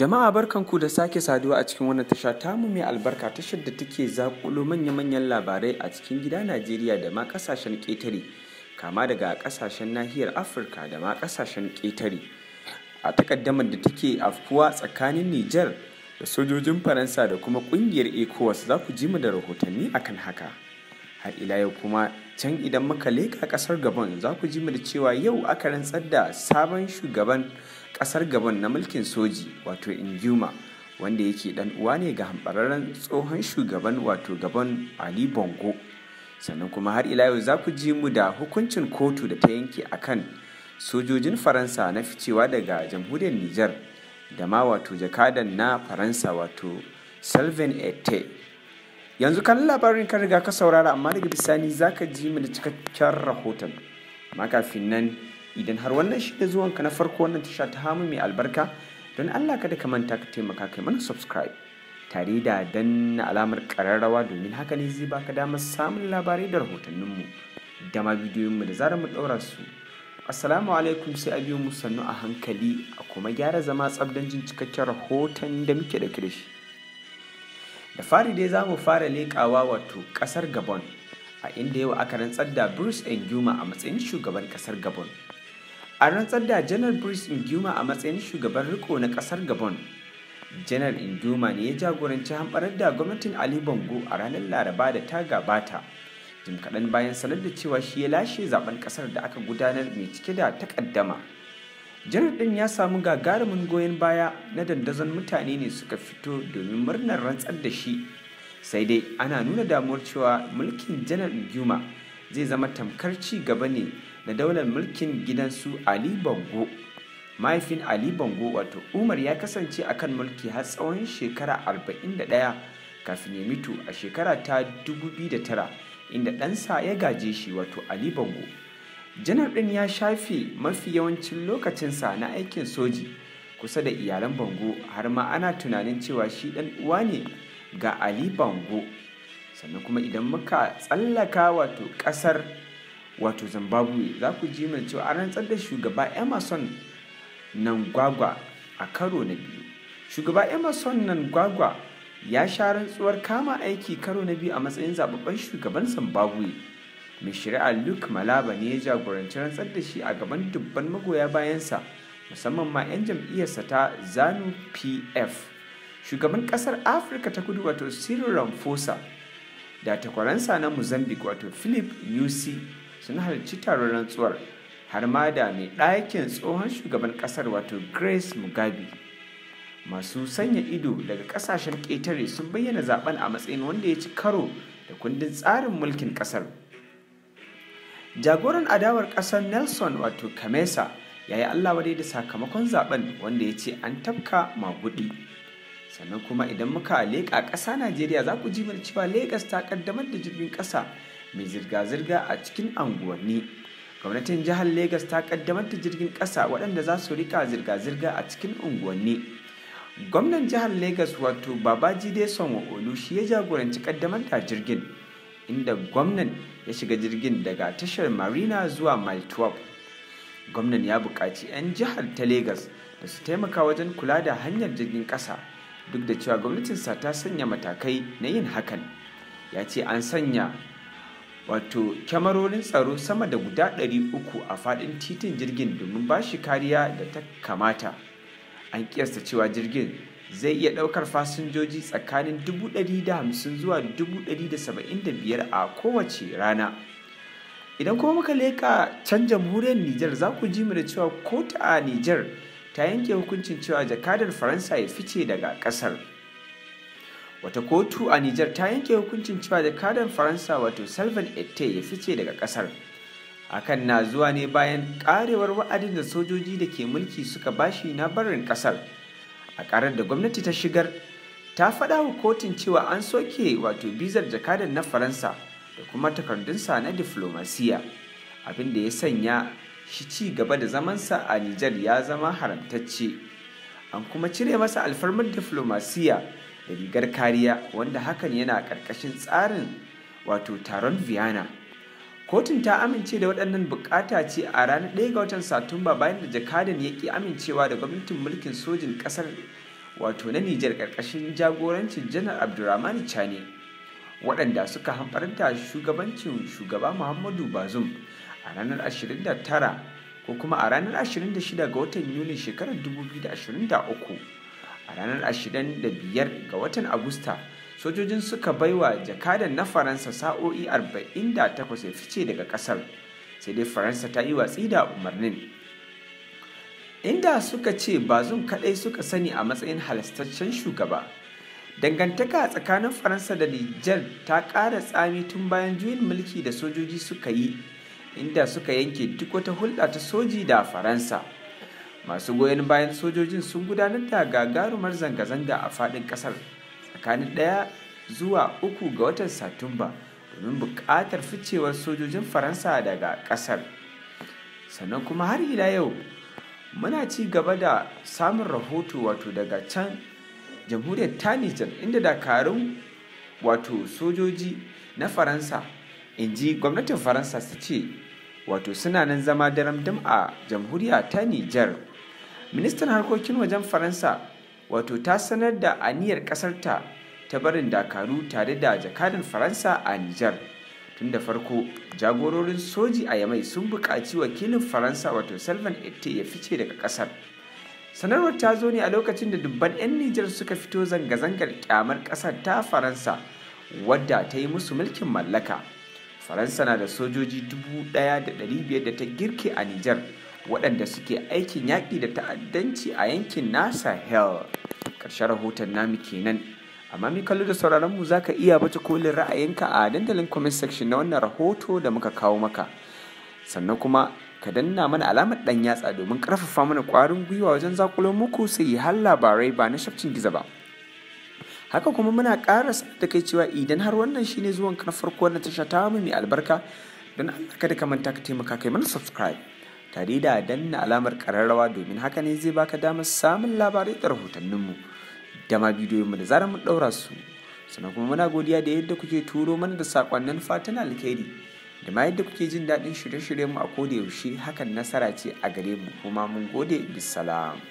Jama'a barkanku da sake saduwa a cikin wannan tasha mu mai albarka tashar da take zakulo manya-manyan labarai a cikin gida Najeriya da ma kasashen ƙetare kama daga kasashen nahiyar Afirka da ma kasashen ƙetare. A takaddamar da take afkuwa tsakanin Nijar da sojojin Faransa da kuma ƙungiyar ECOWAS za ku ji mu da rahotanni akan haka. Har ila yau kuma can idan muka leƙa ƙasar Gabon za ku ji mu da cewa yau aka rantsar da sabon shugaban kasar gabon na mulkin soji wato injuma wanda yake dan uwa ne ga hambararren tsohon shugaban wato gabon ali bongo sannan kuma har ila yau za ku ji mu da hukuncin kotu da ta yanke akan sojojin faransa na ficewa daga jamhuriyar niger da ma wato jakadan na faransa wato salvin ete yanzu kan labarin kan riga ka saurara amma daga bisani za ka ji mu da cikakken rahoton kafin nan idan har wannan shi da zuwanka na farko wannan tasha ta hamu mai albarka don allah kada ka manta ka taimaka kai mana subscribe tare da danna alamar kararrawa domin haka ne zai baka damar samun labarai da rahotanninmu da ma bidiyoyinmu da zarar mu ɗaura su assalamu alaikum sai a biyo mu sannu a hankali a kuma gyara zama tsabdan jin cikakken rahoton da muke da kirishi da fari dai za mu fara leƙawa wato ƙasar gabon a inda yau aka rantsar da bruce nguma a matsayin shugaban ƙasar gabon a rantsar da janar brice inguma a matsayin shugaban riko na kasar gabon janar inguma ne ya jagoranci hamɓarar da gwamnatin ali bongo a ranar laraba da ta gabata jim kaɗan bayan sanar da cewa shi ya lashe zaben kasar da aka gudanar mai cike da takaddama janar ɗin ya samu gagarumin goyon baya na dandazon mutane ne suka fito domin murnar rantsar da shi sai dai ana nuna damuwar cewa mulkin janar inguma zai zama tamkar ci gaba ne da daular mulkin gidansu ali bango mahaifin ali bango wato umar ya kasance a kan mulki har tsawon shekara 41 kafin ya mitu a shekara ta 2009 inda ɗansa ya gaje shi wato ali bango janar ɗin ya shafe mafi yawancin lokacinsa na aikin soji kusa da iyalan bango har ma ana tunanin cewa shi ɗan uwa ne ga ali bango sannan kuma idan muka tsallaka wato ƙasar wato zimbabwe za ku ji mai cewa a rantsar da shugaba emerson gwagwa a karo na biyu shugaba emerson gwagwa ya sha rantsuwar kama aiki karo na biyu a matsayin zababban shugaban zimbabwe mai shari'a luke malaba ne ya jagoranci rantsar da shi a gaban dubban magoya bayansa musamman ma 'yan jam'iyyarsa ta zanu pf shugaban kasar afirka ta kudu wato cyril ramaphosa da takwaransa na mozambique wato philip nyusi sun halarci taron rantsuwar har ma da mai ɗakin tsohon shugaban ƙasar wato grace mugabe masu sanya ido daga ƙasashen ƙetare sun bayyana zaben a matsayin wanda ya ci karo da kundin tsarin mulkin ƙasar jagoran adawar ƙasar nelson wato kamesa ya yi allah wadai da sakamakon zaben wanda ya ce an tafka magudi sannan kuma idan muka leƙa ƙasa najeriya za ku ji cewa Legas ta ƙaddamar da jirgin ƙasa mai zirga-zirga a cikin anguwanni gwamnatin jihar Legas ta kaddamar da jirgin ƙasa waɗanda za su rika zirga-zirga a cikin unguwanni gwamnan jihar Legas wato Babaji dai sanwa olu shi ya jagoranci kaddamar da jirgin inda gwamnan ya shiga jirgin daga tashar marina zuwa mile 12 gwamnan ya buƙaci 'yan jihar ta Legas da su taimaka wajen kula da hanyar jirgin ƙasa duk da cewa gwamnatinsa ta sanya matakai na yin hakan ya ce an sanya wato kyamarorin tsaro sama da guda 300 a faɗin titin jirgin domin ba shi kariya da ta kamata an kiyasta cewa jirgin zai iya ɗaukar fasinjoji tsakanin 150 zuwa 175 a kowace rana idan kuma muka leka can jamhuriyar niger za ku ji da cewa kota a niger ta yanke hukuncin cewa jakadar faransa ya fice daga ƙasar wata kotu a Nijar ta yanke hukuncin cewa kadan Faransa wato Salvan Ette ya fice daga kasar. Akan na zuwa ne bayan karewar wa'adin da sojoji da ke mulki suka bashi na barin kasar. A karar da gwamnati ta shigar, ta faɗa wa kotun cewa an soke wato bizar jakadar na Faransa da kuma takardunsa na diflomasiya. Abin da ya sanya shi ci gaba da zamansa a Nijar ya zama haramtacce. An kuma cire masa alfarmar diflomasiya da rigar kariya wanda hakan yana ƙarƙashin tsarin wato taron viana. kotun ta amince da waɗannan bukata ce a ranar 1 ga watan satumba bayan da jakadan ya ƙi amincewa da gwamnatin mulkin sojin ƙasar wato na nijar ƙarƙashin jagorancin janar abdurrahman chani waɗanda suka hamfarta shugabancin shugaba muhammadu bazum a ranar 29 ko kuma a ranar 26 ga watan yuni shekarar 2023 a ranar 25 ga watan agusta sojojin suka baiwa jakadan na faransa sa'o'i 48 ya fice daga kasar sai dai faransa ta yi watsi da umarnin inda suka ce ba zun kadai suka sani a matsayin halastaccen shugaba dangantaka tsakanin faransa da nijar ta ƙara tsami tun bayan juyin mulki da sojoji suka yi inda suka yanke duk wata hulɗa ta soji da faransa masu goyon bayan sojojin sun gudanar da gagarumar zanga-zanga a faɗin ƙasar tsakanin ɗaya zuwa uku ga watan satumba domin buƙatar ficewar sojojin faransa daga ƙasar sannan kuma har ila yau muna ci gaba da samun rahoto wato daga can jamhuriyar ta inda dakarun wato sojoji na faransa in ji gwamnatin faransa su ce wato suna nan zama daram dam a jamhuriya ta nijar ministan harkokin wajen faransa wato ta sanar da aniyar ƙasarta ta barin dakaru tare da jakadin faransa a nijar tun da farko jagororin soji a yamai sun buƙaci wakilin faransa wato salman ette ya fice daga ƙasar sanarwar ta zo ne a lokacin da dubban 'yan nijar suka fito zanga-zangar kyamar ƙasar ta faransa wadda ta yi musu mulkin mallaka faransa na da sojoji 1,500 da ta girke a nijar waɗanda suke aikin yaƙi da ta'addanci a yankin nasa hell. ƙarshen rahoton namu kenan amma mai kallo da sauraron mu zaka iya baje kolin ra'ayinka a dandalin comment section na wannan rahoto da muka kawo maka sannan kuma ka danna mana alamar ɗan yatsa domin ƙarfafa mana ƙwarin gwiwa wajen zakulo muku sai har labarai ba na shafcin giza ba haka kuma muna ƙara da kai cewa idan har wannan shine zuwan ka na farko na tasha ta mu mai albarka don Allah kada ka manta ka taimaka kai mana subscribe tare da danna alamar kararrawa domin haka ne zai baka damar samun labarai da rahotanninmu da ma bidiyoyinmu da zarar mu ɗaura su sannan kuma muna godiya da yadda kuke turo mana da sakonnin fatan alkhairi da ma yadda kuke jin daɗin shirye-shiryenmu a koda yaushe hakan nasara ce a gare mu kuma mun gode bisalam